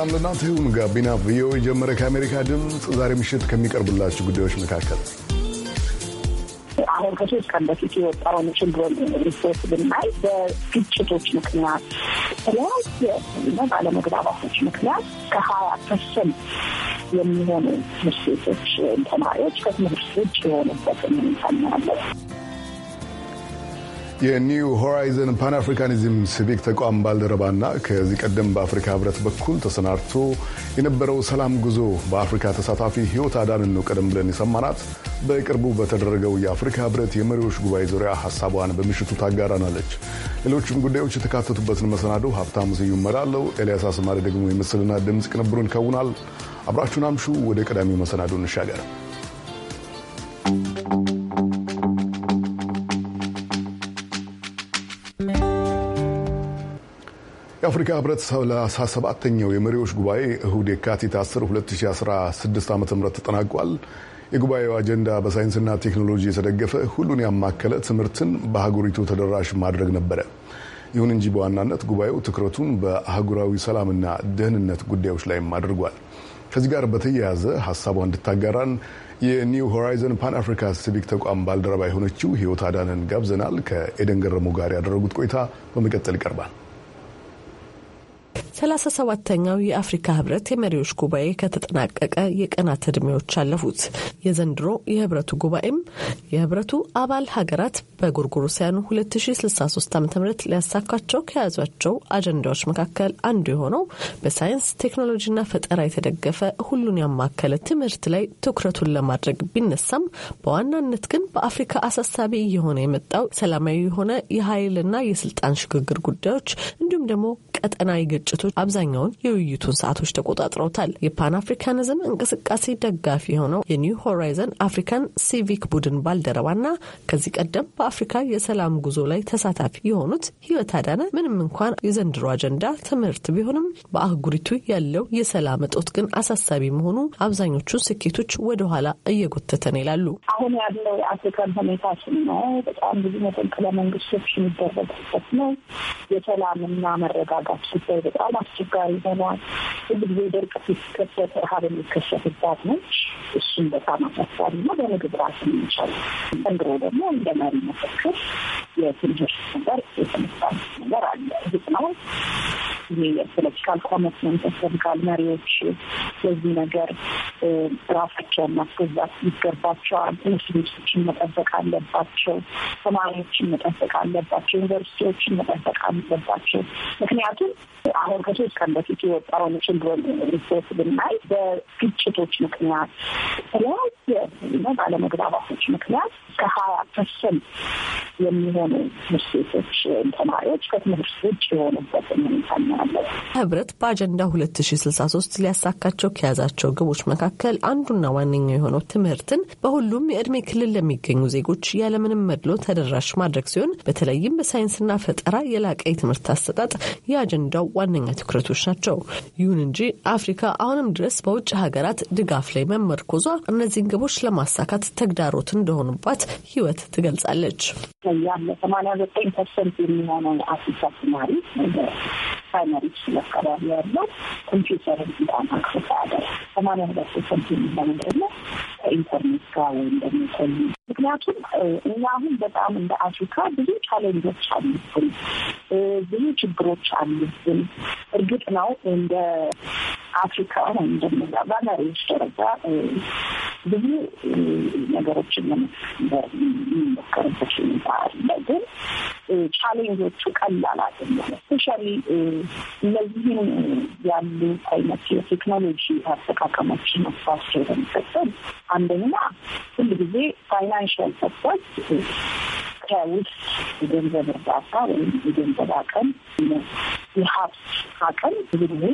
ሰላም ለእናንተ ይሁን። ጋቢና ቪኦኤ ጀመረ። ከአሜሪካ ድምፅ ዛሬ ምሽት ከሚቀርብላችሁ ጉዳዮች መካከል አሁን ከሶስት ቀን በፊት የወጣውን ችግር ሪፖርት ብናይ በግጭቶች ምክንያት የተለያየ ባለመግባባቶች ምክንያት ከሀያ ፐርሰንት የሚሆኑ ሴቶች ተማሪዎች ከትምህርት ውጭ የሆኑበትን ሁኔታ የኒው ሆራይዘን ፓን አፍሪካኒዝም ሲቪክ ተቋም ባልደረባና ከዚህ ቀደም በአፍሪካ ህብረት በኩል ተሰናድቶ የነበረው ሰላም ጉዞ በአፍሪካ ተሳታፊ ህይወት አዳንን ነው ቀደም ብለን የሰማናት። በቅርቡ በተደረገው የአፍሪካ ህብረት የመሪዎች ጉባኤ ዙሪያ ሀሳቧን በምሽቱ ታጋራናለች። ሌሎችም ጉዳዮች የተካተቱበትን መሰናዶ ሀብታሙ ስዩም እመራለሁ። ኤልያስ አስማሪ ደግሞ የምስልና ድምፅ ቅንብሩን ይከውናል። አብራችሁን አምሹ። ወደ ቀዳሚው መሰናዶ እንሻገር። የአፍሪካ ህብረት ሰላሳ ሰባተኛው የመሪዎች ጉባኤ እሁድ የካቲት 10 2016 ዓ ም ተጠናቋል። የጉባኤው አጀንዳ በሳይንስና ቴክኖሎጂ የተደገፈ ሁሉን ያማከለ ትምህርትን በአህጉሪቱ ተደራሽ ማድረግ ነበረ። ይሁን እንጂ በዋናነት ጉባኤው ትኩረቱን በአህጉራዊ ሰላምና ደህንነት ጉዳዮች ላይም አድርጓል። ከዚህ ጋር በተያያዘ ሀሳቧ እንድታጋራን የኒው ሆራይዘን ፓን አፍሪካ ሲቪክ ተቋም ባልደረባ የሆነችው ህይወት አዳንን ጋብዘናል። ከኤደን ገረሙ ጋር ያደረጉት ቆይታ በመቀጠል ይቀርባል። ሰላሳ ሰባተኛው የአፍሪካ ህብረት የመሪዎች ጉባኤ ከተጠናቀቀ የቀናት ዕድሜዎች አለፉት። የዘንድሮ የህብረቱ ጉባኤም የህብረቱ አባል ሀገራት በጎርጎሮሳውያኑ 2063 ዓ ም ሊያሳካቸው ከያዟቸው አጀንዳዎች መካከል አንዱ የሆነው በሳይንስ ቴክኖሎጂና ፈጠራ የተደገፈ ሁሉን ያማከለ ትምህርት ላይ ትኩረቱን ለማድረግ ቢነሳም በዋናነት ግን በአፍሪካ አሳሳቢ እየሆነ የመጣው ሰላማዊ የሆነ የኃይልና የስልጣን ሽግግር ጉዳዮች እንዲሁም ደግሞ ቀጠናዊ ግጭቶች አብዛኛውን የውይይቱን ሰዓቶች ተቆጣጥረውታል። የፓን አፍሪካኒዝም እንቅስቃሴ ደጋፊ የሆነው የኒው ሆራይዘን አፍሪካን ሲቪክ ቡድን ባልደረባና ከዚህ ቀደም በአፍሪካ የሰላም ጉዞ ላይ ተሳታፊ የሆኑት ህይወት አዳነ ምንም እንኳን የዘንድሮ አጀንዳ ትምህርት ቢሆንም በአህጉሪቱ ያለው የሰላም እጦት ግን አሳሳቢ መሆኑ አብዛኞቹ ስኬቶች ወደኋላ እየጎተተን ይላሉ። አሁን ያለው የአፍሪካን ሁኔታ ስናይ በጣም ብዙ መፈንቅለ መንግስቶች የሚደረግበት ነው። የሰላምና መረጋጋት ጉዳይ በጣም አስቸጋሪ ሆኗል። ሁሉ ጊዜ ደርቅ ሲከሰት ረሃብ የሚከሰትባት ነች። እሱም በጣም አሳሳቢ ነው። በምግብ ራስ የሚቻል ዘንድሮ ደግሞ እንደ መሪ መፈክር የልጆች ነገር የተነሳ ነገር አለ። እርግጥ ነው ይሄ የፖለቲካል ኮመት መንፈስ ፖለቲካል መሪዎች በዚህ ነገር ራሳቸውን ማስገዛት ይገባቸዋል። ትምህርት ቤቶችን መጠበቅ አለባቸው። ተማሪዎችን መጠበቅ አለባቸው። ዩኒቨርሲቲዎችን መጠበቅ አለባቸው። ምክንያቱም አሁን ከሶስት ቀን በፊት የወጣውን ችግር ሪፖርት ብናይ በግጭቶች ምክንያት ተለያዩ ባለመግባባቶች ምክንያት ከሀያ ፐርሰንት የሚሆኑ ሴቶች ተማሪዎች ከትምህርት ውጭ የሆኑበትን ሁኔታ ህብረት በአጀንዳ ሁለት ሺ ስልሳ ሶስት ሊያሳካቸው ከያዛቸው ግቦች መካከል አንዱና ዋነኛው የሆነው ትምህርትን በሁሉም የእድሜ ክልል ለሚገኙ ዜጎች ያለምንም መድሎ ተደራሽ ማድረግ ሲሆን በተለይም በሳይንስና ፈጠራ የላቀ የትምህርት አሰጣጥ የአጀንዳው ዋነኛ ትኩረቶች ናቸው። ይሁን እንጂ አፍሪካ አሁንም ድረስ በውጭ ሀገራት ድጋፍ ላይ መመርኮዟ እነዚህን ግቦች ለማሳካት ተግዳሮት እንደሆኑባት ህይወት ትገልጻለች። ያለ ሰማንያ ዘጠኝ ፐርሰንት የሚሆነው አፍሪካ ተማሪ ፕራይመሪ አካባቢ ያለው ኮምፒውተር ዳን አክሰስ አያደርግም። ሰማንያ ሁለት ፐርሰንት የሚሆነው ደግሞ ከኢንተርኔት ጋር ወይም ደግሞ ምክንያቱም እኛ አሁን በጣም እንደ አፍሪካ ብዙ ቻሌንጆች አሉብን፣ ብዙ ችግሮች አሉብን። እርግጥ ነው እንደ አፍሪካ ወይም ደግሞ በመሪዎች ደረጃ ብዙ ነገሮችን የሚሞከርበት ሁኔታ አለ። ግን ቻሌንጆቹ ቀላል አይደለም። ስፔሻሊ እነዚህም ያሉ አይነት የቴክኖሎጂ አጠቃቀሞችን መፋቸው በሚቀጠል አንደኛ ሁል ጊዜ ፋይናንሽል ሰክሰስ ኢትዮጵያ ውስጥ የገንዘብ እርዳታ ወይም የገንዘብ አቅም የሀብት አቅም ብዙ ጊዜ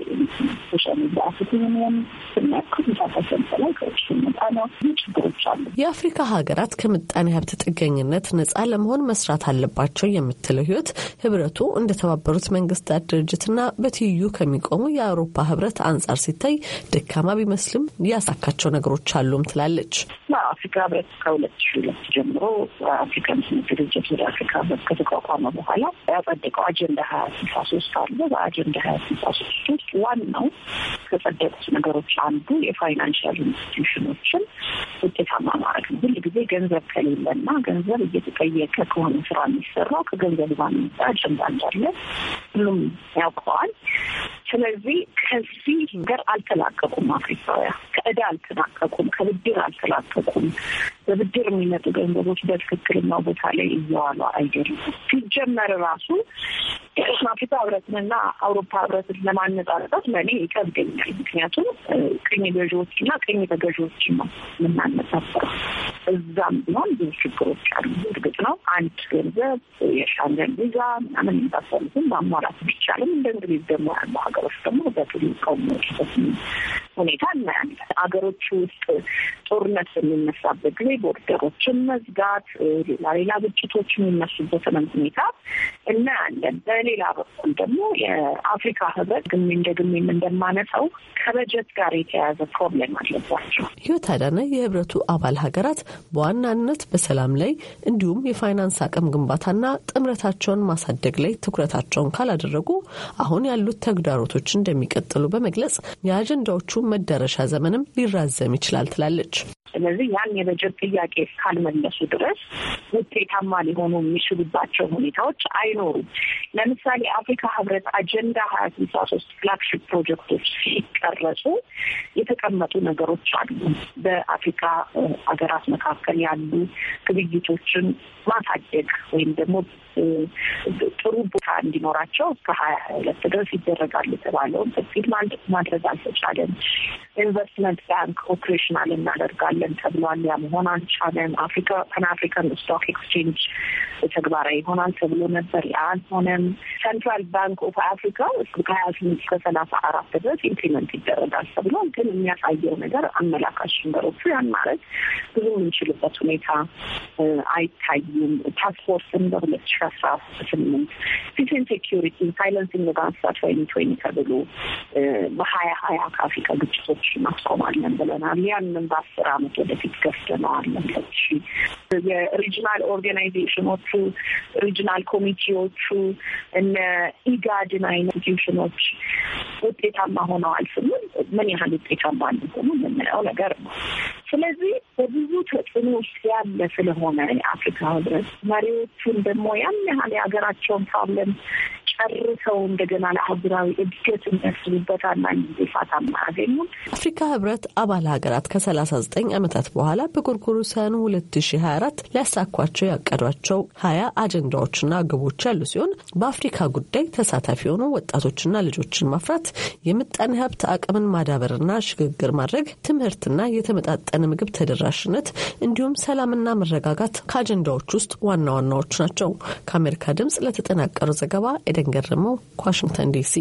ሶሻል ሚዲያ ሲቲዝንን ስናያክል ሳፈሰንት ላይ ከውጭ መጣ ነው። ብዙ ችግሮች አሉ። የአፍሪካ ሀገራት ከምጣኔ ሀብት ጥገኝነት ነጻ ለመሆን መስራት አለባቸው የምትለው ህይወት ህብረቱ እንደተባበሩት መንግስታት ድርጅትና በትይዩ ከሚቆሙ የአውሮፓ ህብረት አንጻር ሲታይ ደካማ ቢመስልም ያሳካቸው ነገሮች አሉም ትላለች። አፍሪካ ህብረት ከሁለት ሺ ሁለት ጀምሮ አፍሪካ ድርጅት ወደ አፍሪካ ከተቋቋመ በኋላ ያጸደቀው አጀንዳ ሀያ ስልሳ ሶስት አለ። በአጀንዳ ሀያ ስልሳ ሶስት ውስጥ ዋናው ከጸደቁት ነገሮች አንዱ የፋይናንሽል ኢንስቲትዩሽኖችን ውጤታማ ማድረግ ነው። ሁል ጊዜ ገንዘብ ከሌለና ገንዘብ እየተጠየቀ ከሆነ ስራ የሚሰራው ከገንዘብ ጋር አጀንዳ እንዳለ ሁሉም ያውቀዋል። ስለዚህ ከዚህ ነገር አልተላቀቁም። አፍሪካውያን ከእዳ አልተላቀቁም፣ ከብድር አልተላቀቁም። በብድር የሚመጡ ገንዘቦች በትክክለኛው ቦታ ላይ እየዋሉ አይደሉም። ሲጀመር ራሱ አፍሪካ ህብረትንና አውሮፓ ህብረትን ለማነጻጸር ለእኔ ይከብደኛል። ምክንያቱም ቅኝ ገዢዎችና ቅኝ ተገዢዎችን ነው የምናነጻጽረው። እዛም ቢሆን ብዙ ችግሮች አሉ። እርግጥ ነው አንድ ገንዘብ የሻንገን ቪዛ ምናምን የመሳሰሉትን ማሟላት ቢቻልም እንደ እንግሊዝ ደግሞ ያሉ ሀገሮች ደግሞ በቱሪ ቀውሞች ሁኔታ እናያለን። አገሮች ውስጥ ጦርነት በሚነሳበት ጊዜ ቦርደሮችን መዝጋት፣ ሌላ ሌላ ግጭቶች የሚነሱበትንም ሁኔታ እናያለን። በሌላ በኩል ደግሞ የአፍሪካ ህብረት ግሜ እንደ ግሜም እንደማነሳው ከበጀት ጋር የተያያዘ ፕሮብሌም አለባቸው። ህይወት አዳነ የህብረቱ አባል ሀገራት በዋናነት በሰላም ላይ እንዲሁም የፋይናንስ አቅም ግንባታና ጥምረታቸውን ማሳደግ ላይ ትኩረታቸውን ካላደረጉ አሁን ያሉት ተግዳሮቶች እንደሚቀጥሉ በመግለጽ የአጀንዳዎቹ መዳረሻ ዘመንም ሊራዘም ይችላል ትላለች። ስለዚህ ያን የበጀት ጥያቄ እስካልመለሱ ድረስ ውጤታማ ሊሆኑ የሚችሉባቸው ሁኔታዎች አይኖሩም። ለምሳሌ አፍሪካ ህብረት አጀንዳ ሀያ ስልሳ ሶስት ፍላግሺፕ ፕሮጀክቶች ሲቀረጹ የተቀመጡ ነገሮች አሉ። በአፍሪካ ሀገራት መካከል ያሉ ግብይቶችን ማሳደግ ወይም ደግሞ ጥሩ ቦታ እንዲኖራቸው እስከ ሀያ ሁለት ድረስ ይደረጋል የተባለውን ማድረግ አልተቻለም። ኢንቨስትመንት ባንክ ኦፕሬሽናል እናደርጋል እንችላለን ተብሏል። ያ መሆን አልቻለም። አፍሪካ ፓን አፍሪካን ስቶክ ኤክስቼንጅ ተግባራዊ ይሆናል ተብሎ ነበር። ያ አልሆነም። ሴንትራል ባንክ ኦፍ አፍሪካ ከሀያ ስምንት እስከ ሰላሳ አራት ድረስ ኢምፕሊመንት ይደረጋል ተብሏል። ግን የሚያሳየው ነገር አመላካሽ ነገሮቹ ያን ማለት ብዙ የምንችልበት ሁኔታ አይታዩም። ታስፖርትን በሁለት ሺ አስራ ስምንት ፊትን ሴኪሪቲ ሳይለንስ ጋንሳት ወይም ትወይም ተብሎ በሀያ ሀያ ከአፍሪካ ግጭቶች ማስቆማለን ብለናል። ያንን በአስር አመት ዓመት ወደፊት ገፍተነዋል። ለሁለት ሺ የሪጅናል ኦርጋናይዜሽኖቹ ሪጅናል ኮሚቴዎቹ እነ ኢጋድን አይነት ውጤታማ ሆነዋል ስምን ምን ያህል ውጤታማ እንደሆኑ የምናየው ነገር ነው። ስለዚህ በብዙ ተጽዕኖ ውስጥ ያለ ስለሆነ የአፍሪካ ህብረት መሪዎቹን ደግሞ ያን ያህል የሀገራቸውን ፕሮብለም ጨርሰው እንደገና ለአህጉራዊ እድገት የሚያስቡበት አንዳንድ ጊዜ ፋታ አያገኙም። አፍሪካ ህብረት አባል ሀገራት ከ39 ዓመታት በኋላ በጎርጎሮሳውያኑ 2024 ሊያሳኳቸው ያቀዷቸው ሀያ አጀንዳዎችና ግቦች ያሉ ሲሆን በአፍሪካ ጉዳይ ተሳታፊ የሆኑ ወጣቶችና ልጆችን ማፍራት፣ የምጣኔ ሀብት አቅምን ማዳበርና ሽግግር ማድረግ፣ ትምህርትና የተመጣጠነ ምግብ ተደራሽነት እንዲሁም ሰላምና መረጋጋት ከአጀንዳዎች ውስጥ ዋና ዋናዎቹ ናቸው። ከአሜሪካ ድምጽ ለተጠናቀሩ ዘገባ ኤደን ኤደን ገረመው ከዋሽንግተን ዲሲ።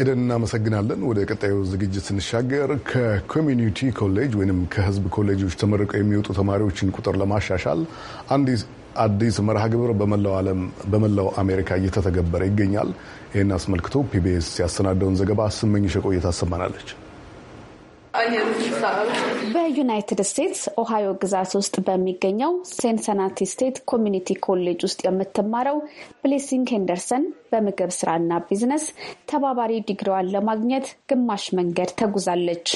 ኤደን እናመሰግናለን። ወደ ቀጣዩ ዝግጅት ስንሻገር ከኮሚኒቲ ኮሌጅ ወይም ከህዝብ ኮሌጆች ተመርቀው የሚወጡ ተማሪዎችን ቁጥር ለማሻሻል አዲስ መርሃ ግብር በመላው ዓለም በመላው አሜሪካ እየተተገበረ ይገኛል። ይህን አስመልክቶ ፒቢኤስ ያሰናደውን ዘገባ ስመኝሽ ቆይታ በዩናይትድ ስቴትስ ኦሃዮ ግዛት ውስጥ በሚገኘው ሴንሰናቲ ስቴት ኮሚኒቲ ኮሌጅ ውስጥ የምትማረው ብሌሲንግ ሄንደርሰን በምግብ ስራና ቢዝነስ ተባባሪ ዲግሪዋን ለማግኘት ግማሽ መንገድ ተጉዛለች።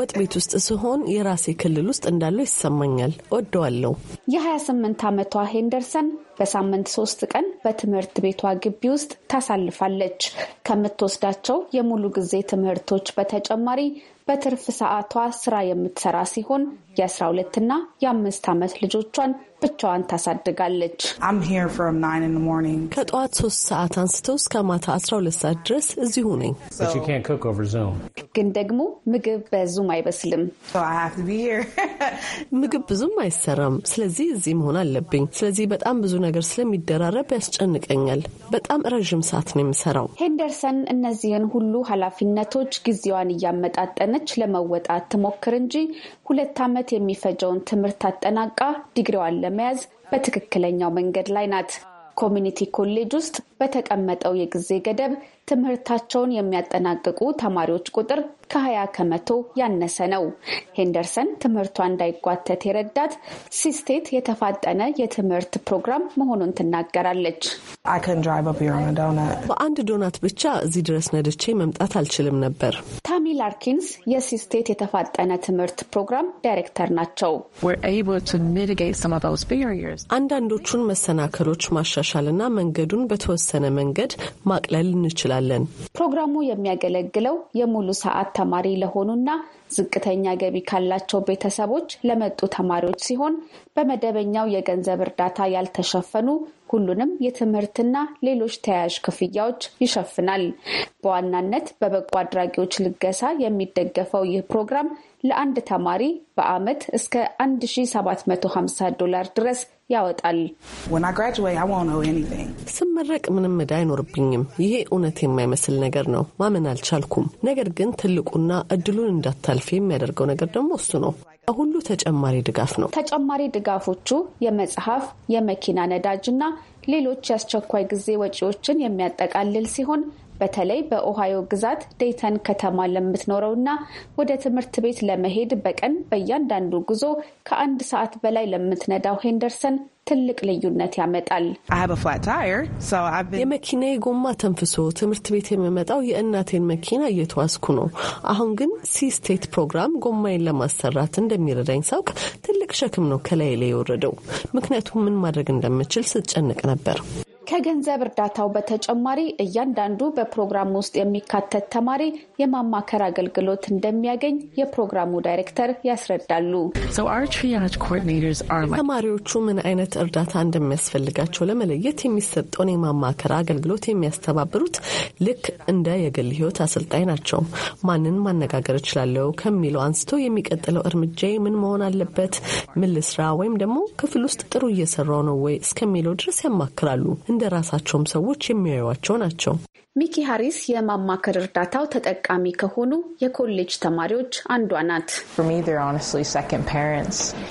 ወጥ ቤት ውስጥ ስሆን የራሴ ክልል ውስጥ እንዳለው ይሰማኛል ወደዋለው ወደዋለሁ። የ28 ዓመቷ ሄንደርሰን በሳምንት ሶስት ቀን በትምህርት ቤቷ ግቢ ውስጥ ታሳልፋለች። ከምትወስዳቸው የሙሉ ጊዜ ትምህርቶች በተጨማሪ በትርፍ ሰዓቷ ስራ የምትሰራ ሲሆን የ12 እና የአምስት ዓመት ልጆቿን ብቻዋን ታሳድጋለች። ከጠዋት ሶስት ሰዓት አንስቶ እስከ ማታ 12 ሰዓት ድረስ እዚሁ ነኝ። ግን ደግሞ ምግብ በዙም አይበስልም፣ ምግብ ብዙም አይሰራም። ስለዚህ እዚህ መሆን አለብኝ። ስለዚህ በጣም ብዙ ነገር ስለሚደራረብ ያስጨንቀኛል። በጣም ረዥም ሰዓት ነው የምሰራው። ሄንደርሰን እነዚህን ሁሉ ኃላፊነቶች ጊዜዋን እያመጣጠነ እየፈተነች ለመወጣት ትሞክር እንጂ ሁለት ዓመት የሚፈጀውን ትምህርት አጠናቃ ዲግሪዋን ለመያዝ በትክክለኛው መንገድ ላይ ናት። ኮሚኒቲ ኮሌጅ ውስጥ በተቀመጠው የጊዜ ገደብ ትምህርታቸውን የሚያጠናቅቁ ተማሪዎች ቁጥር ከ20 ከመቶ ያነሰ ነው። ሄንደርሰን ትምህርቷ እንዳይጓተት የረዳት ሲስቴት የተፋጠነ የትምህርት ፕሮግራም መሆኑን ትናገራለች። በአንድ ዶናት ብቻ እዚህ ድረስ ነድቼ መምጣት አልችልም ነበር። ታሚ ላርኪንስ የሲስቴት የተፋጠነ ትምህርት ፕሮግራም ዳይሬክተር ናቸው። አንዳንዶቹን መሰናከሎች ማሻሻልና መንገዱን በተወሰነ መንገድ ማቅለል እንችላል እንችላለን። ፕሮግራሙ የሚያገለግለው የሙሉ ሰዓት ተማሪ ለሆኑና ዝቅተኛ ገቢ ካላቸው ቤተሰቦች ለመጡ ተማሪዎች ሲሆን በመደበኛው የገንዘብ እርዳታ ያልተሸፈኑ ሁሉንም የትምህርትና ሌሎች ተያያዥ ክፍያዎች ይሸፍናል። በዋናነት በበጎ አድራጊዎች ልገሳ የሚደገፈው ይህ ፕሮግራም ለአንድ ተማሪ በአመት እስከ 1750 ዶላር ድረስ ያወጣል። ስመረቅ ምንም ዕዳ አይኖርብኝም። ይሄ እውነት የማይመስል ነገር ነው። ማመን አልቻልኩም። ነገር ግን ትልቁና እድሉን እንዳታልፍ የሚያደርገው ነገር ደግሞ እሱ ነው። ሁሉ ተጨማሪ ድጋፍ ነው። ተጨማሪ ድጋፎቹ የመጽሐፍ፣ የመኪና ነዳጅ እና ሌሎች የአስቸኳይ ጊዜ ወጪዎችን የሚያጠቃልል ሲሆን በተለይ በኦሃዮ ግዛት ዴይተን ከተማ ለምትኖረውና ወደ ትምህርት ቤት ለመሄድ በቀን በእያንዳንዱ ጉዞ ከአንድ ሰዓት በላይ ለምትነዳው ሄንደርሰን ትልቅ ልዩነት ያመጣል። የመኪናዬ ጎማ ተንፍሶ ትምህርት ቤት የምመጣው የእናቴን መኪና እየተዋስኩ ነው። አሁን ግን ሲስቴት ፕሮግራም ጎማዬን ለማሰራት እንደሚረዳኝ ሳውቅ ትልቅ ሸክም ነው ከላይ ላይ የወረደው። ምክንያቱም ምን ማድረግ እንደምችል ስጨንቅ ነበር። ከገንዘብ እርዳታው በተጨማሪ እያንዳንዱ በፕሮግራም ውስጥ የሚካተት ተማሪ የማማከር አገልግሎት እንደሚያገኝ የፕሮግራሙ ዳይሬክተር ያስረዳሉ። ተማሪዎቹ ምን አይነት እርዳታ እንደሚያስፈልጋቸው ለመለየት የሚሰጠውን የማማከር አገልግሎት የሚያስተባብሩት ልክ እንደ የግል ሕይወት አሰልጣኝ ናቸው። ማንን ማነጋገር እችላለሁ ከሚለው አንስቶ የሚቀጥለው እርምጃ ምን መሆን አለበት፣ ምን ልስራ፣ ወይም ደግሞ ክፍል ውስጥ ጥሩ እየሰራው ነው ወይ እስከሚለው ድረስ ያማክራሉ። እንደ ራሳቸውም ሰዎች የሚያዩቸው ናቸው። ሚኪ ሀሪስ የማማከር እርዳታው ተጠቃሚ ከሆኑ የኮሌጅ ተማሪዎች አንዷ ናት።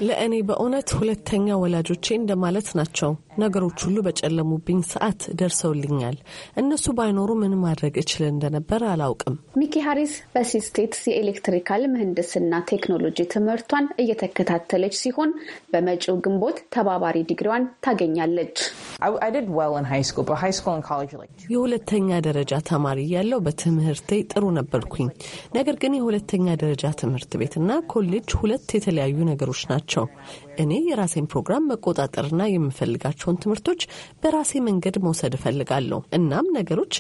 ለእኔ በእውነት ሁለተኛ ወላጆቼ እንደማለት ናቸው። ነገሮች ሁሉ በጨለሙብኝ ሰዓት ደርሰውልኛል። እነሱ ባይኖሩ ምን ማድረግ እችል እንደነበረ አላውቅም። ሚኪ ሃሪስ በሲ ስቴትስ የኤሌክትሪካል ምህንድስና ቴክኖሎጂ ትምህርቷን እየተከታተለች ሲሆን በመጪው ግንቦት ተባባሪ ዲግሪዋን ታገኛለች። የሁለተኛ ደረጃ ተማሪ ያለው በትምህርቴ ጥሩ ነበርኩኝ። ነገር ግን የሁለተኛ ደረጃ ትምህርት ቤትና ኮሌጅ ሁለት የተለያዩ ነገሮች ናቸው። እኔ የራሴን ፕሮግራም መቆጣጠርና የምፈልጋቸውን ትምህርቶች በራሴ መንገድ መውሰድ እፈልጋለሁ። እናም ነገሮች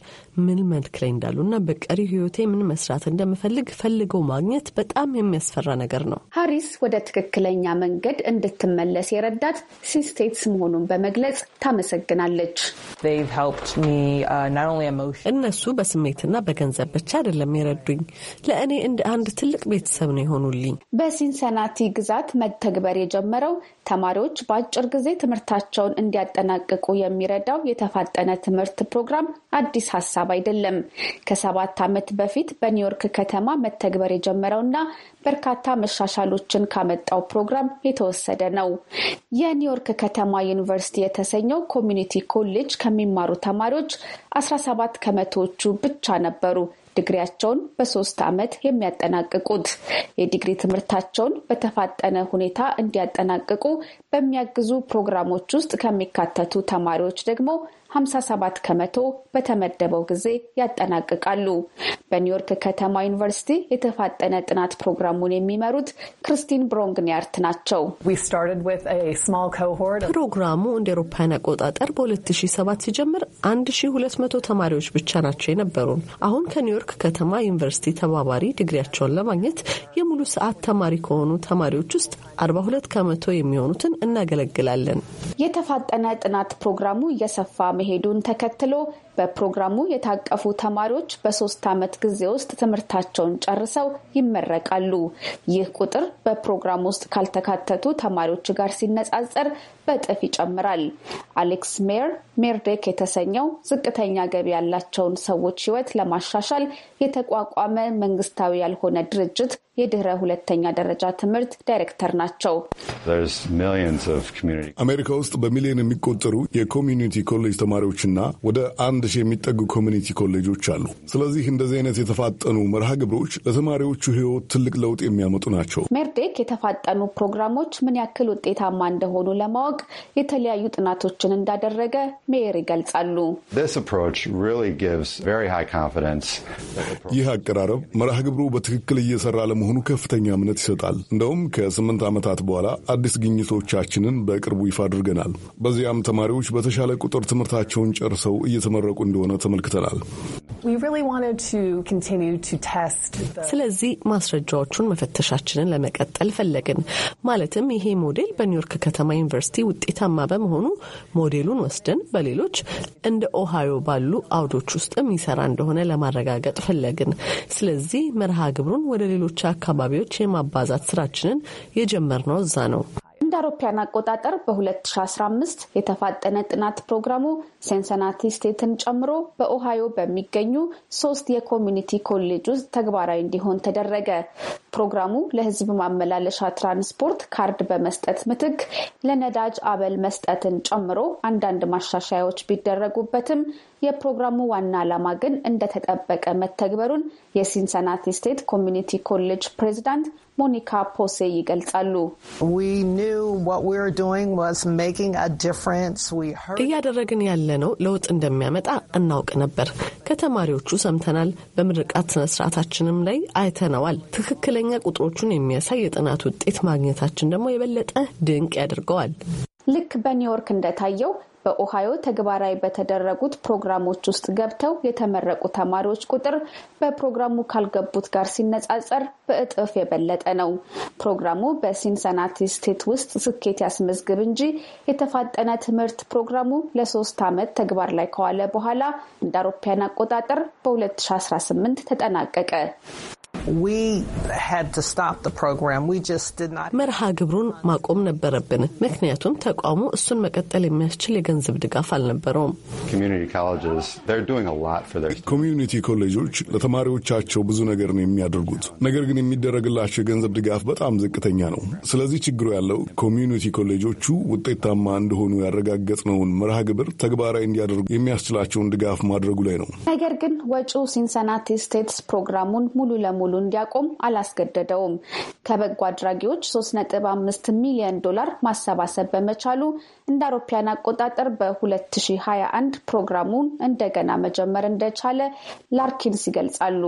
ምን መልክ ላይ እንዳሉና በቀሪ ህይወቴ ምን መስራት እንደምፈልግ ፈልገው ማግኘት በጣም የሚያስፈራ ነገር ነው። ሀሪስ ወደ ትክክለኛ መንገድ እንድትመለስ የረዳት ሲስቴትስ መሆኑን በመግለጽ ታመሰግናለች። uh, እነሱ በስሜትና በገንዘብ ብቻ አይደለም የረዱኝ፣ ለእኔ እንደ አንድ ትልቅ ቤተሰብ ነው የሆኑልኝ። በሲንሰናቲ ግዛት መተግበር የጀመረ የተጀመረው ተማሪዎች በአጭር ጊዜ ትምህርታቸውን እንዲያጠናቅቁ የሚረዳው የተፋጠነ ትምህርት ፕሮግራም አዲስ ሀሳብ አይደለም። ከሰባት ዓመት በፊት በኒውዮርክ ከተማ መተግበር የጀመረውና በርካታ መሻሻሎችን ካመጣው ፕሮግራም የተወሰደ ነው። የኒውዮርክ ከተማ ዩኒቨርሲቲ የተሰኘው ኮሚኒቲ ኮሌጅ ከሚማሩ ተማሪዎች 17 ከመቶዎቹ ብቻ ነበሩ ዲግሪያቸውን በሶስት ዓመት የሚያጠናቅቁት የዲግሪ ትምህርታቸውን በተፋጠነ ሁኔታ እንዲያጠናቅቁ በሚያግዙ ፕሮግራሞች ውስጥ ከሚካተቱ ተማሪዎች ደግሞ 57 ከመቶ በተመደበው ጊዜ ያጠናቅቃሉ። በኒውዮርክ ከተማ ዩኒቨርሲቲ የተፋጠነ ጥናት ፕሮግራሙን የሚመሩት ክርስቲን ብሮንግኒያርት ናቸው። ፕሮግራሙ እንደ ኤሮፓያን አቆጣጠር በ2007 ሲጀምር 1200 ተማሪዎች ብቻ ናቸው የነበሩን። አሁን ከኒውዮርክ ከተማ ዩኒቨርሲቲ ተባባሪ ዲግሪያቸውን ለማግኘት የሙሉ ሰዓት ተማሪ ከሆኑ ተማሪዎች ውስጥ 42 ከመቶ የሚሆኑትን እናገለግላለን። የተፋጠነ ጥናት ፕሮግራሙ እየሰፋ መሄዱን ተከትሎ በፕሮግራሙ የታቀፉ ተማሪዎች በሶስት ዓመት ጊዜ ውስጥ ትምህርታቸውን ጨርሰው ይመረቃሉ። ይህ ቁጥር በፕሮግራም ውስጥ ካልተካተቱ ተማሪዎች ጋር ሲነጻጸር በጥፍ ይጨምራል። አሌክስ ሜር ሜርዴክ የተሰኘው ዝቅተኛ ገቢ ያላቸውን ሰዎች ሕይወት ለማሻሻል የተቋቋመ መንግስታዊ ያልሆነ ድርጅት የድህረ ሁለተኛ ደረጃ ትምህርት ዳይሬክተር ናቸው። አሜሪካ ውስጥ በሚሊዮን የሚቆጠሩ የኮሚዩኒቲ ኮሌጅ ተማሪዎችና ወደ አንድ አንድ ሺህ የሚጠጉ ኮሚኒቲ ኮሌጆች አሉ። ስለዚህ እንደዚህ አይነት የተፋጠኑ መርሃ ግብሮች ለተማሪዎቹ ህይወት ትልቅ ለውጥ የሚያመጡ ናቸው። ሜርዴክ የተፋጠኑ ፕሮግራሞች ምን ያክል ውጤታማ እንደሆኑ ለማወቅ የተለያዩ ጥናቶችን እንዳደረገ ሜየር ይገልጻሉ። ይህ አቀራረብ መርሃ ግብሩ በትክክል እየሰራ ለመሆኑ ከፍተኛ እምነት ይሰጣል። እንደውም ከስምንት ዓመታት በኋላ አዲስ ግኝቶቻችንን በቅርቡ ይፋ አድርገናል። በዚያም ተማሪዎች በተሻለ ቁጥር ትምህርታቸውን ጨርሰው እየተመረ እየተንጸባረቁ እንደሆነ ተመልክተናል። ስለዚህ ማስረጃዎቹን መፈተሻችንን ለመቀጠል ፈለግን። ማለትም ይሄ ሞዴል በኒውዮርክ ከተማ ዩኒቨርሲቲ ውጤታማ በመሆኑ ሞዴሉን ወስደን በሌሎች እንደ ኦሃዮ ባሉ አውዶች ውስጥ ይሰራ እንደሆነ ለማረጋገጥ ፈለግን። ስለዚህ መርሃ ግብሩን ወደ ሌሎች አካባቢዎች የማባዛት ስራችንን የጀመርነው እዛ ነው። እንደ አውሮፓውያን አቆጣጠር በ2015 የተፋጠነ ጥናት ፕሮግራሙ ሴንሰናቲ ስቴትን ጨምሮ በኦሃዮ በሚገኙ ሶስት የኮሚኒቲ ኮሌጅ ውስጥ ተግባራዊ እንዲሆን ተደረገ። ፕሮግራሙ ለህዝብ ማመላለሻ ትራንስፖርት ካርድ በመስጠት ምትክ ለነዳጅ አበል መስጠትን ጨምሮ አንዳንድ ማሻሻያዎች ቢደረጉበትም የፕሮግራሙ ዋና ዓላማ ግን እንደተጠበቀ መተግበሩን የሲንሰናቲ ስቴት ኮሚኒቲ ኮሌጅ ፕሬዚዳንት ሞኒካ ፖሴ ይገልጻሉ። እያደረግን ያለነው ለውጥ እንደሚያመጣ እናውቅ ነበር። ከተማሪዎቹ ሰምተናል። በምርቃት ስነስርዓታችንም ላይ አይተነዋል። ትክክለ ከፍተኛ ቁጥሮቹን የሚያሳይ የጥናት ውጤት ማግኘታችን ደግሞ የበለጠ ድንቅ ያደርገዋል። ልክ በኒውዮርክ እንደታየው በኦሃዮ ተግባራዊ በተደረጉት ፕሮግራሞች ውስጥ ገብተው የተመረቁ ተማሪዎች ቁጥር በፕሮግራሙ ካልገቡት ጋር ሲነጻጸር በእጥፍ የበለጠ ነው። ፕሮግራሙ በሲንሰናቲ ስቴት ውስጥ ስኬት ያስመዝግብ እንጂ የተፋጠነ ትምህርት ፕሮግራሙ ለሶስት ዓመት ተግባር ላይ ከዋለ በኋላ እንደ አውሮፓያን አቆጣጠር በ2018 ተጠናቀቀ። መርሃ ግብሩን ማቆም ነበረብን፣ ምክንያቱም ተቋሙ እሱን መቀጠል የሚያስችል የገንዘብ ድጋፍ አልነበረውም። ኮሚዩኒቲ ኮሌጆች ለተማሪዎቻቸው ብዙ ነገር ነው የሚያደርጉት። ነገር ግን የሚደረግላቸው የገንዘብ ድጋፍ በጣም ዝቅተኛ ነው። ስለዚህ ችግሩ ያለው ኮሚዩኒቲ ኮሌጆቹ ውጤታማ እንደሆኑ ያረጋገጥነውን መርሃ ግብር ተግባራዊ እንዲያደርጉ የሚያስችላቸውን ድጋፍ ማድረጉ ላይ ነው። ነገር ግን ወጪው ሲንሰናቲ ስቴትስ ፕሮግራሙን ሙሉ ለሙሉ በሙሉ እንዲያቆም አላስገደደውም። ከበጎ አድራጊዎች 3.5 ሚሊዮን ዶላር ማሰባሰብ በመቻሉ እንደ አውሮፓውያን አቆጣጠር በ2021 ፕሮግራሙን እንደገና መጀመር እንደቻለ ላርኪንስ ይገልጻሉ።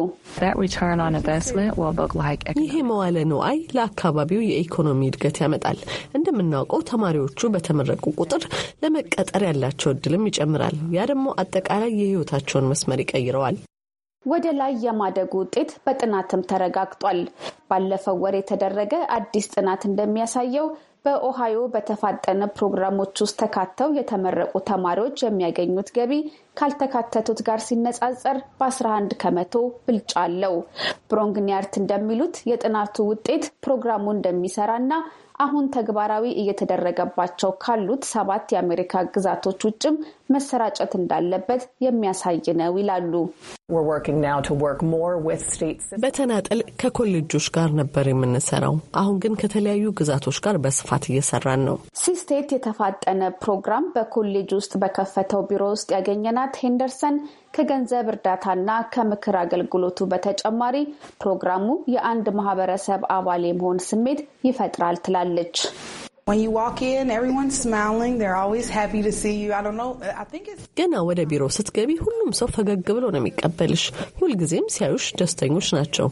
ይህ መዋለ ንዋይ ለአካባቢው የኢኮኖሚ እድገት ያመጣል። እንደምናውቀው ተማሪዎቹ በተመረቁ ቁጥር ለመቀጠር ያላቸው እድልም ይጨምራል። ያ ደግሞ አጠቃላይ የህይወታቸውን መስመር ይቀይረዋል። ወደ ላይ የማደጉ ውጤት በጥናትም ተረጋግጧል። ባለፈው ወር የተደረገ አዲስ ጥናት እንደሚያሳየው በኦሃዮ በተፋጠነ ፕሮግራሞች ውስጥ ተካተው የተመረቁ ተማሪዎች የሚያገኙት ገቢ ካልተካተቱት ጋር ሲነጻጸር በ11 ከመቶ ብልጫ አለው። ብሮንግኒያርት እንደሚሉት የጥናቱ ውጤት ፕሮግራሙ እንደሚሰራና አሁን ተግባራዊ እየተደረገባቸው ካሉት ሰባት የአሜሪካ ግዛቶች ውጭም መሰራጨት እንዳለበት የሚያሳይ ነው ይላሉ። በተናጠል ከኮሌጆች ጋር ነበር የምንሰራው። አሁን ግን ከተለያዩ ግዛቶች ጋር በስፋት እየሰራን ነው። ሲስቴት የተፋጠነ ፕሮግራም በኮሌጅ ውስጥ በከፈተው ቢሮ ውስጥ ያገኘናት ሄንደርሰን ከገንዘብ እርዳታና ከምክር አገልግሎቱ በተጨማሪ ፕሮግራሙ የአንድ ማህበረሰብ አባል የመሆን ስሜት ይፈጥራል ትላለች። ገና ወደ ቢሮ ስትገቢ ሁሉም ሰው ፈገግ ብሎ ነው የሚቀበልሽ። ሁልጊዜም ሲያዩሽ ደስተኞች ናቸው።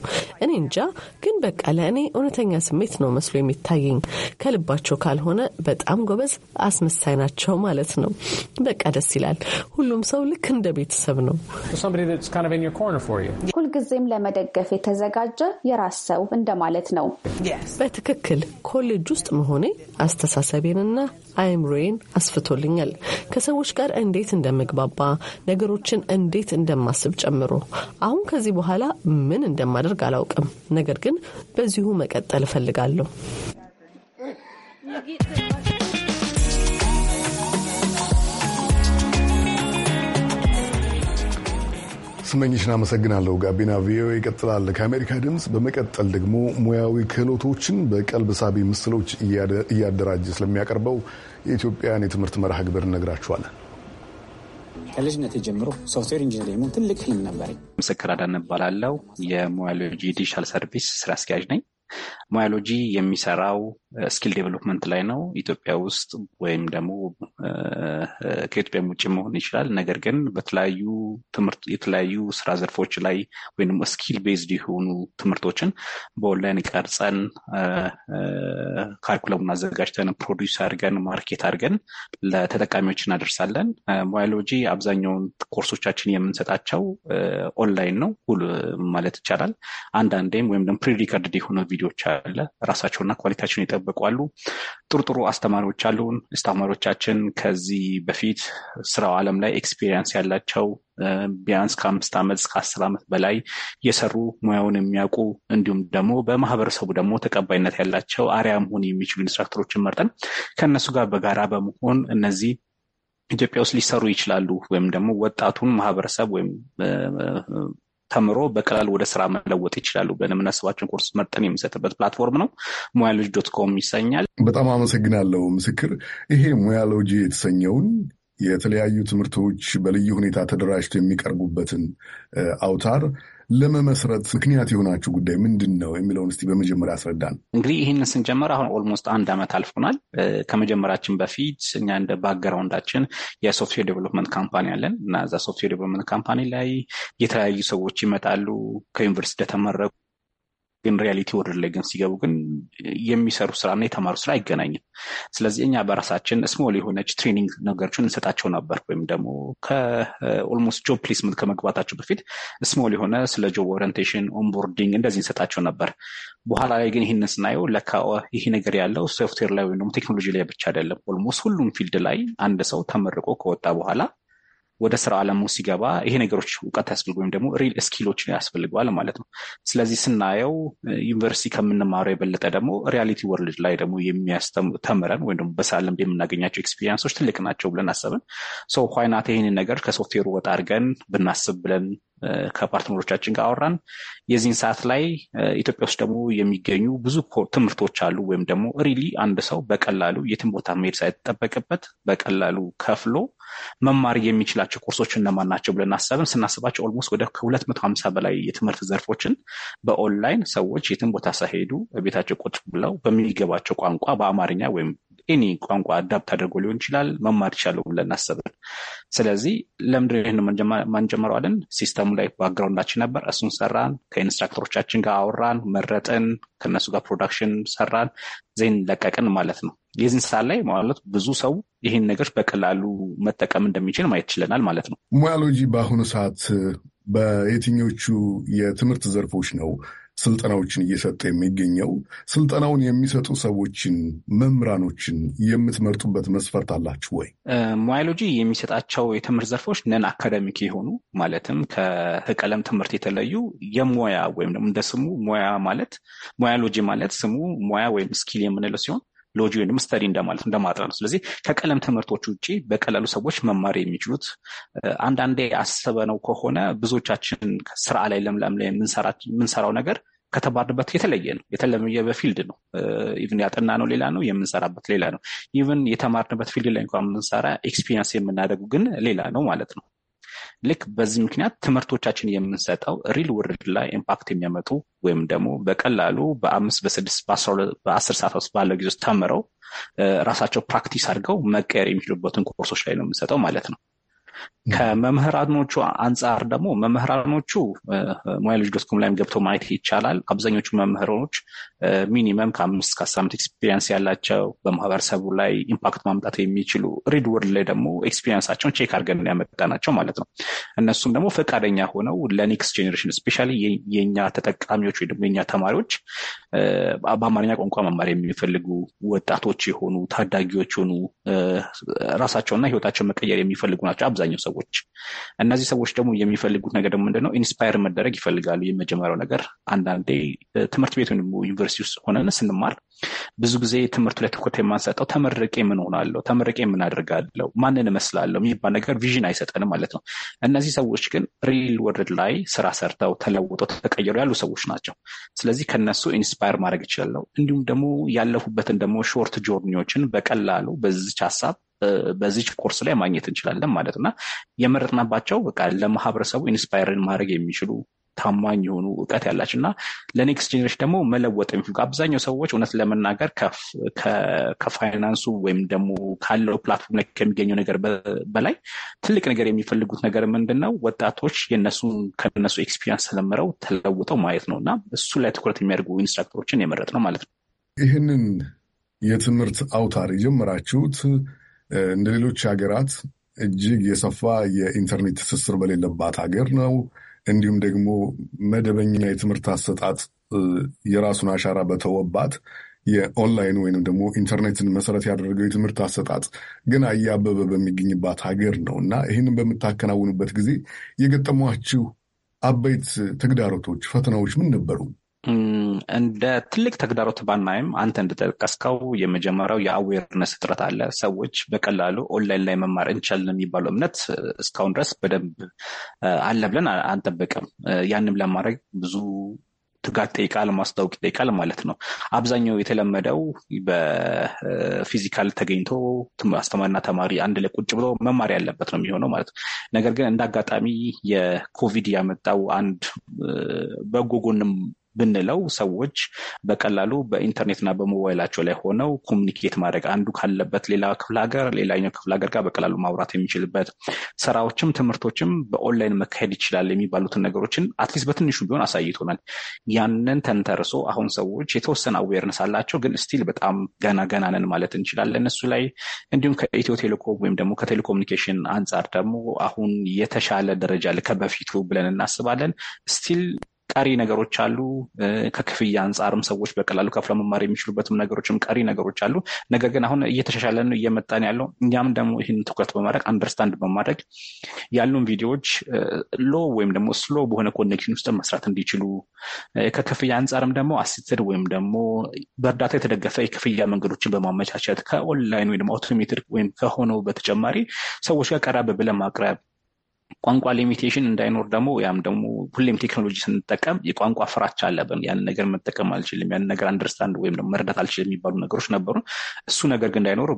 እኔ እንጃ ግን በቃ ለእኔ እውነተኛ ስሜት ነው መስሎ የሚታየኝ። ከልባቸው ካልሆነ በጣም ጎበዝ አስመሳይ ናቸው ማለት ነው። በቃ ደስ ይላል። ሁሉም ሰው ልክ እንደ ቤተሰብ ነው። ሁልጊዜም ለመደገፍ የተዘጋጀ የራስ ሰው እንደማለት ነው። በትክክል ኮሌጅ ውስጥ መሆኔ አስተሳሰቤንና አእምሮዬን አስፍቶልኛል። ከሰዎች ጋር እንዴት እንደምግባባ፣ ነገሮችን እንዴት እንደማስብ ጨምሮ አሁን ከዚህ በኋላ ምን እንደማደርግ አላውቅም። ነገር ግን በዚሁ መቀጠል እፈልጋለሁ። ስመኝሽን አመሰግናለሁ። ጋቢና ቪኦኤ ይቀጥላል። ከአሜሪካ ድምፅ በመቀጠል ደግሞ ሙያዊ ክህሎቶችን በቀልብ ሳቢ ምስሎች እያደራጀ ስለሚያቀርበው የኢትዮጵያን የትምህርት መርሃ ግብር እነግራችኋለን። ከልጅነት ጀምሮ ሶፍትዌር ኢንጂነር የመሆን ትልቅ ህልም ነበረኝ። ምስክር አዳነ እባላለሁ። የሙያሎጂ ዲጂታል ሰርቪስ ስራ አስኪያጅ ነኝ። ሞያሎጂ የሚሰራው ስኪል uh, ዴቨሎፕመንት ላይ ነው። ኢትዮጵያ ውስጥ ወይም ደግሞ uh, ከኢትዮጵያ ውጭ መሆን ይችላል። ነገር ግን በተለያዩ ትምህርት የተለያዩ ስራ ዘርፎች ላይ ወይም ስኪል ቤዝድ የሆኑ ትምህርቶችን በኦንላይን ቀርጸን ካሪኩለሙን uh, አዘጋጅተን ፕሮዲስ አድርገን ማርኬት አድርገን ለተጠቃሚዎች እናደርሳለን። ሞያሎጂ አብዛኛውን ኮርሶቻችን የምንሰጣቸው ኦንላይን ነው ሁሉ ማለት ይቻላል። አንዳንዴም ወይም ደግሞ ፕሪሪከርድድ የሆነ ቪዲዮ ልጆች አለ። ራሳቸውና ኳሊቲያቸውን ይጠብቋሉ ጥሩ ጥሩ አስተማሪዎች አሉን። አስተማሪዎቻችን ከዚህ በፊት ስራው አለም ላይ ኤክስፔሪንስ ያላቸው ቢያንስ ከአምስት ዓመት እስከ አስር ዓመት በላይ የሰሩ ሙያውን የሚያውቁ እንዲሁም ደግሞ በማህበረሰቡ ደግሞ ተቀባይነት ያላቸው አሪያ መሆን የሚችሉ ኢንስትራክተሮችን መርጠን ከእነሱ ጋር በጋራ በመሆን እነዚህ ኢትዮጵያ ውስጥ ሊሰሩ ይችላሉ ወይም ደግሞ ወጣቱን ማህበረሰብ ወይም ተምሮ በቀላል ወደ ስራ መለወጥ ይችላሉ። በምናስባቸውን ኮርስ መርጠን የሚሰጥበት ፕላትፎርም ነው። ሙያሎጂ ዶት ኮም ይሰኛል። በጣም አመሰግናለሁ ምስክር። ይሄ ሎጂ የተሰኘውን የተለያዩ ትምህርቶች በልዩ ሁኔታ ተደራጅተው የሚቀርቡበትን አውታር ለመመስረት ምክንያት የሆናችሁ ጉዳይ ምንድን ነው የሚለውን እስቲ በመጀመሪያ አስረዳን። እንግዲህ ይህንን ስንጀምር አሁን ኦልሞስት አንድ ዓመት አልፎናል። ከመጀመራችን በፊት እኛ እንደ ባክግራውንዳችን የሶፍትዌር ዴቨሎፕመንት ካምፓኒ አለን እና እዛ ሶፍትዌር ዴቨሎፕመንት ካምፓኒ ላይ የተለያዩ ሰዎች ይመጣሉ ከዩኒቨርሲቲ እንደተመረቁ ግን ሪያሊቲ ወርድ ላይ ግን ሲገቡ ግን የሚሰሩ ስራና የተማሩ ስራ አይገናኝም። ስለዚህ እኛ በራሳችን ስሞል የሆነች ትሬኒንግ ነገሮችን እንሰጣቸው ነበር። ወይም ደግሞ ከኦልሞስት ጆብ ፕሌስመንት ከመግባታቸው በፊት ስሞል የሆነ ስለ ጆብ ኦሪንቴሽን፣ ኦንቦርዲንግ እንደዚህ እንሰጣቸው ነበር። በኋላ ላይ ግን ይህንን ስናየው ለካ ይሄ ነገር ያለው ሶፍትዌር ላይ ወይም ደግሞ ቴክኖሎጂ ላይ ብቻ አይደለም። ኦልሞስት ሁሉም ፊልድ ላይ አንድ ሰው ተመርቆ ከወጣ በኋላ ወደ ስራ ዓለሙ ሲገባ ይሄ ነገሮች እውቀት ያስፈልግ ወይም ደግሞ ሪል እስኪሎች ያስፈልገዋል ማለት ነው። ስለዚህ ስናየው ዩኒቨርሲቲ ከምንማረው የበለጠ ደግሞ ሪያሊቲ ወርልድ ላይ ደግሞ የሚያስተምረን ወይም ደግሞ በስራ ዓለም የምናገኛቸው ኤክስፒሪየንሶች ትልቅ ናቸው ብለን አሰብን። ሶ ዋይናት ይህንን ነገር ከሶፍትዌሩ ወጣ አድርገን ብናስብ ብለን ከፓርትነሮቻችን ጋር አወራን። የዚህን ሰዓት ላይ ኢትዮጵያ ውስጥ ደግሞ የሚገኙ ብዙ ትምህርቶች አሉ። ወይም ደግሞ ሪሊ አንድ ሰው በቀላሉ የትም ቦታ መሄድ ሳይጠበቅበት በቀላሉ ከፍሎ መማር የሚችላቸው ኮርሶች እነማን ናቸው ብለን አሰብን። ስናስባቸው ኦልሞስት ወደ ከሁለት መቶ ሀምሳ በላይ የትምህርት ዘርፎችን በኦንላይን ሰዎች የትም ቦታ ሳይሄዱ ቤታቸው ቁጭ ብለው በሚገባቸው ቋንቋ በአማርኛ ወይም ኤኒ ቋንቋ አዳፕት አድርጎ ሊሆን ይችላል መማር ይቻሉ ብለን አሰብን። ስለዚህ ለምድር ይህን ማንጀመረው አለን። ሲስተሙ ላይ ባክግራውንዳችን ነበር። እሱን ሰራን። ከኢንስትራክተሮቻችን ጋር አወራን፣ መረጥን፣ ከነሱ ጋር ፕሮዳክሽን ሰራን፣ ዜን ለቀቅን ማለት ነው። የዚህን ሰዓት ላይ ማለት ብዙ ሰው ይህን ነገሮች በቀላሉ መጠቀም እንደሚችል ማየት ችለናል ማለት ነው። ሙያሎጂ በአሁኑ ሰዓት በየትኞቹ የትምህርት ዘርፎች ነው ስልጠናዎችን እየሰጠ የሚገኘው ስልጠናውን የሚሰጡ ሰዎችን መምህራኖችን የምትመርጡበት መስፈርት አላችሁ ወይ? ሞያሎጂ የሚሰጣቸው የትምህርት ዘርፎች ነን አካዳሚክ የሆኑ ማለትም ከቀለም ትምህርት የተለዩ የሞያ ወይም ደግሞ እንደ ስሙ ሞያ ማለት ሞያሎጂ ማለት ስሙ ሞያ ወይም ስኪል የምንለው ሲሆን ሎጂ ወይም ስተዲ እንደማለት እንደማጥረ ነው። ስለዚህ ከቀለም ትምህርቶች ውጭ በቀለሉ ሰዎች መማር የሚችሉት አንዳንዴ ነው ከሆነ ብዙዎቻችን ስራ ላይ ለምለም ላይ የምንሰራው ነገር ከተማርንበት የተለየ ነው። የተለየ በፊልድ ነው። ኢቭን ያጠና ነው ሌላ ነው፣ የምንሰራበት ሌላ ነው። ኢቭን የተማርንበት ፊልድ ላይ እንኳ የምንሰራ ኤክስፒሪንስ የምናደጉ ግን ሌላ ነው ማለት ነው። ልክ በዚህ ምክንያት ትምህርቶቻችን የምንሰጠው ሪል ውርድ ላይ ኢምፓክት የሚያመጡ ወይም ደግሞ በቀላሉ በአምስት በስድስት በአስር ሰዓት ውስጥ ባለው ጊዜ ውስጥ ተምረው ራሳቸው ፕራክቲስ አድርገው መቀየር የሚችሉበትን ኮርሶች ላይ ነው የምንሰጠው ማለት ነው። ከመምህራኖቹ አንጻር ደግሞ መምህራኖቹ ሙያ ልጅ ዶት ላይም ገብቶ ማየት ይቻላል። አብዛኞቹ መምህራኖች ሚኒመም ከአምስት ከአስር ዓመት ኤክስፒሪየንስ ያላቸው በማህበረሰቡ ላይ ኢምፓክት ማምጣት የሚችሉ ሪድ ወርድ ላይ ደግሞ ኤክስፒሪየንሳቸውን ቼክ አድርገን ናቸው ማለት ነው። እነሱም ደግሞ ፈቃደኛ ሆነው ለኔክስት ጄኔሬሽን ስፔሻሊ የኛ ተጠቃሚዎች ወይ ደግሞ የኛ ተማሪዎች በአማርኛ ቋንቋ መማር የሚፈልጉ ወጣቶች የሆኑ ታዳጊዎች የሆኑ ራሳቸውና ህይወታቸውን መቀየር የሚፈልጉ ናቸው አብዛኛው ሰው ሰዎች። እነዚህ ሰዎች ደግሞ የሚፈልጉት ነገር ደግሞ ምንድነው? ኢንስፓየር መደረግ ይፈልጋሉ። የመጀመሪያው ነገር አንዳንዴ ትምህርት ቤት ወይም ዩኒቨርሲቲ ውስጥ ሆነን ስንማር ብዙ ጊዜ ትምህርቱ ላይ ትኩረት የማንሰጠው ተመርቄ ምን ሆናለሁ፣ ተመርቄ ምን አድርጋለሁ፣ ማንን እመስላለሁ የሚባል ነገር ቪዥን አይሰጠንም ማለት ነው። እነዚህ ሰዎች ግን ሪል ወርድ ላይ ስራ ሰርተው ተለውጠው ተቀየሩ ያሉ ሰዎች ናቸው። ስለዚህ ከነሱ ኢንስፓየር ማድረግ ይችላለሁ። እንዲሁም ደግሞ ያለፉበትን ደግሞ ሾርት ጆርኒዎችን በቀላሉ በዚች ሀሳብ በዚች ኮርስ ላይ ማግኘት እንችላለን ማለት እና የመረጥናባቸው በቃ ለማህበረሰቡ ኢንስፓየርን ማድረግ የሚችሉ ታማኝ የሆኑ እውቀት ያላቸው እና ለኔክስት ጀኔሬሽን ደግሞ መለወጥ የሚፈልጉ አብዛኛው ሰዎች እውነት ለመናገር ከፋይናንሱ ወይም ደግሞ ካለው ፕላትፎርም ላይ ከሚገኘው ነገር በላይ ትልቅ ነገር የሚፈልጉት ነገር ምንድን ነው? ወጣቶች የነሱ ከነሱ ኤክስፒሪንስ ተለምረው ተለውጠው ማየት ነው እና እሱ ላይ ትኩረት የሚያደርጉ ኢንስትራክተሮችን የመረጥ ነው ማለት ነው። ይህንን የትምህርት አውታር የጀመራችሁት እንደ ሌሎች ሀገራት እጅግ የሰፋ የኢንተርኔት ትስስር በሌለባት ሀገር ነው። እንዲሁም ደግሞ መደበኛ የትምህርት አሰጣጥ የራሱን አሻራ በተወባት የኦንላይን ወይንም ደግሞ ኢንተርኔትን መሰረት ያደረገው የትምህርት አሰጣጥ ገና እያበበ በሚገኝባት ሀገር ነው እና ይህንን በምታከናውኑበት ጊዜ የገጠሟችሁ አበይት ተግዳሮቶች፣ ፈተናዎች ምን ነበሩ? እንደ ትልቅ ተግዳሮት ባናይም አንተ እንደጠቀስከው የመጀመሪያው የአዌርነስ እጥረት አለ። ሰዎች በቀላሉ ኦንላይን ላይ መማር እንችላለን የሚባለው እምነት እስካሁን ድረስ በደንብ አለ ብለን አንጠብቅም። ያንም ለማድረግ ብዙ ትጋት ጠይቃል፣ ማስታወቅ ይጠይቃል ማለት ነው። አብዛኛው የተለመደው በፊዚካል ተገኝቶ አስተማሪና ተማሪ አንድ ላይ ቁጭ ብሎ መማር ያለበት ነው የሚሆነው ማለት ነው። ነገር ግን እንደ አጋጣሚ የኮቪድ ያመጣው አንድ በጎ ጎንም ብንለው ሰዎች በቀላሉ በኢንተርኔትና በሞባይላቸው ላይ ሆነው ኮሚኒኬት ማድረግ አንዱ ካለበት ሌላ ክፍለ ሀገር ሌላኛው ክፍለ ሀገር ጋር በቀላሉ ማውራት የሚችልበት ስራዎችም ትምህርቶችም በኦንላይን መካሄድ ይችላል የሚባሉትን ነገሮችን አትሊስት በትንሹ ቢሆን አሳይቶናል። ያንን ተንተርሶ አሁን ሰዎች የተወሰነ አዌርነስ አላቸው፣ ግን ስቲል በጣም ገና ገና ነን ማለት እንችላለን እሱ ላይ እንዲሁም ከኢትዮ ቴሌኮም ወይም ደግሞ ከቴሌኮሙኒኬሽን አንጻር ደግሞ አሁን የተሻለ ደረጃ ከበፊቱ ብለን እናስባለን ስቲል ቀሪ ነገሮች አሉ። ከክፍያ አንጻርም ሰዎች በቀላሉ ከፍለው መማር የሚችሉበትም ነገሮችም ቀሪ ነገሮች አሉ። ነገር ግን አሁን እየተሻሻለን ነው እየመጣን ያለው። እኛም ደግሞ ይህን ትኩረት በማድረግ አንደርስታንድ በማድረግ ያሉን ቪዲዮዎች ሎ ወይም ደግሞ ስሎ በሆነ ኮኔክሽን ውስጥ መስራት እንዲችሉ ከክፍያ አንጻርም ደግሞ አሲስትድ ወይም ደግሞ በእርዳታ የተደገፈ የክፍያ መንገዶችን በማመቻቸት ከኦንላይን ወይም አውቶሜትሪክ ወይም ከሆነው በተጨማሪ ሰዎች ጋር ቀረብ ብለን ማቅረብ ቋንቋ ሊሚቴሽን እንዳይኖር ደግሞ ያም ደግሞ ሁሌም ቴክኖሎጂ ስንጠቀም የቋንቋ ፍራቻ አለብን። ያን ነገር መጠቀም አልችልም፣ ያን ነገር አንደርስታንድ ወይም ደግሞ መረዳት አልችልም የሚባሉ ነገሮች ነበሩ። እሱ ነገር ግን እንዳይኖር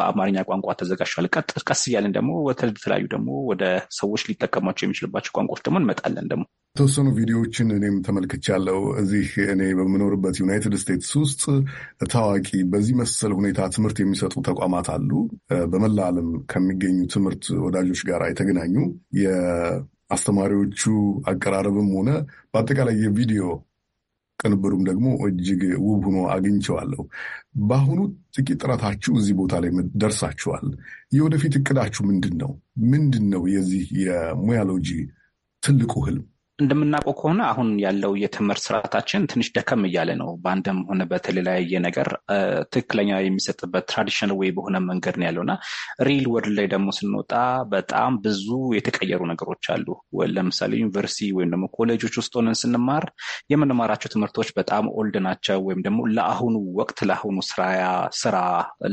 በአማርኛ ቋንቋ ተዘጋጅቷል። ቀስ እያለን ደግሞ ወደ ተለያዩ ደግሞ ወደ ሰዎች ሊጠቀሟቸው የሚችልባቸው ቋንቋዎች ደግሞ እንመጣለን ደግሞ የተወሰኑ ቪዲዮዎችን እኔም ተመልክቻለሁ። እዚህ እኔ በምኖርበት ዩናይትድ ስቴትስ ውስጥ ታዋቂ በዚህ መሰል ሁኔታ ትምህርት የሚሰጡ ተቋማት አሉ። በመላ ዓለም ከሚገኙ ትምህርት ወዳጆች ጋር የተገናኙ የአስተማሪዎቹ አቀራረብም ሆነ በአጠቃላይ የቪዲዮ ቅንብሩም ደግሞ እጅግ ውብ ሆኖ አግኝቸዋለሁ። በአሁኑ ጥቂት ጥረታችሁ እዚህ ቦታ ላይ ደርሳችኋል። የወደፊት እቅዳችሁ ምንድን ነው? ምንድን ነው የዚህ የሙያሎጂ ትልቁ ህልም? እንደምናውቀው ከሆነ አሁን ያለው የትምህርት ስርዓታችን ትንሽ ደከም እያለ ነው። በአንድም ሆነ በተለያየ ነገር ትክክለኛ የሚሰጥበት ትራዲሽናል ወይ በሆነ መንገድ ነው ያለውና ሪል ወርድ ላይ ደግሞ ስንወጣ በጣም ብዙ የተቀየሩ ነገሮች አሉ። ለምሳሌ ዩኒቨርሲቲ ወይም ደግሞ ኮሌጆች ውስጥ ሆነን ስንማር የምንማራቸው ትምህርቶች በጣም ኦልድ ናቸው፣ ወይም ደግሞ ለአሁኑ ወቅት ለአሁኑ ስራ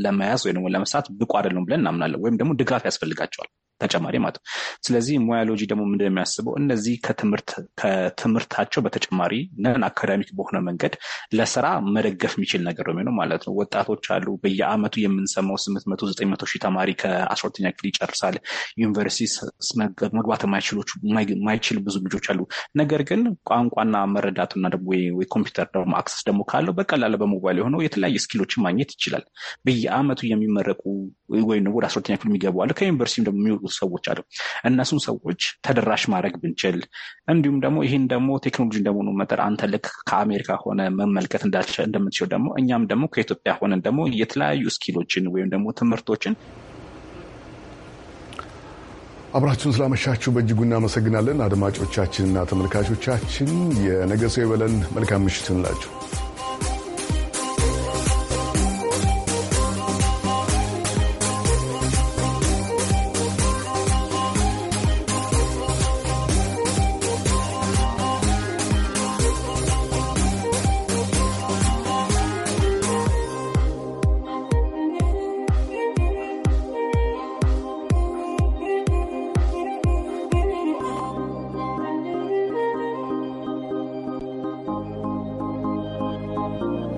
ለመያዝ ወይም ደግሞ ለመስራት ብቁ አይደለም ብለን እናምናለን፣ ወይም ደግሞ ድጋፍ ያስፈልጋቸዋል። ተጨማሪ ማለት ነው። ስለዚህ ሙያሎጂ ደግሞ የሚያስበው እነዚህ ከትምህርታቸው በተጨማሪ ነን አካዳሚክ በሆነ መንገድ ለስራ መደገፍ የሚችል ነገር ነው የሚሆነው ማለት ነው። ወጣቶች አሉ በየአመቱ የምንሰማው ስምንት መቶ ዘጠኝ መቶ ሺህ ተማሪ ከአስራ ሁለተኛ ክፍል ይጨርሳል። ዩኒቨርሲቲ መግባት ማይችል ብዙ ልጆች አሉ። ነገር ግን ቋንቋና መረዳቱና ደግሞ ኮምፒውተር ደግሞ አክሰስ ደግሞ ካለው በቀላል በሞባይል የሆነው የተለያየ ስኪሎችን ማግኘት ይችላል። በየአመቱ የሚመረቁ ወይ ወደ አስራ ሁለተኛ ክፍል የሚገቡ አሉ ከዩኒቨርሲቲ ደግሞ የሚወጡ የሚያስቀምጡ ሰዎች አሉ። እነሱን ሰዎች ተደራሽ ማድረግ ብንችል እንዲሁም ደግሞ ይህን ደግሞ ቴክኖሎጂ እንደመሆኑ መጠን አንተ ልክ ከአሜሪካ ሆነ መመልከት እንደምትችል ደግሞ እኛም ደግሞ ከኢትዮጵያ ሆነን ደግሞ የተለያዩ ስኪሎችን ወይም ደግሞ ትምህርቶችን አብራችሁን ስላመሻችሁ በእጅጉ እናመሰግናለን። አድማጮቻችንና ተመልካቾቻችን የነገ ሰው ይበለን። መልካም ምሽት ይሁንላችሁ።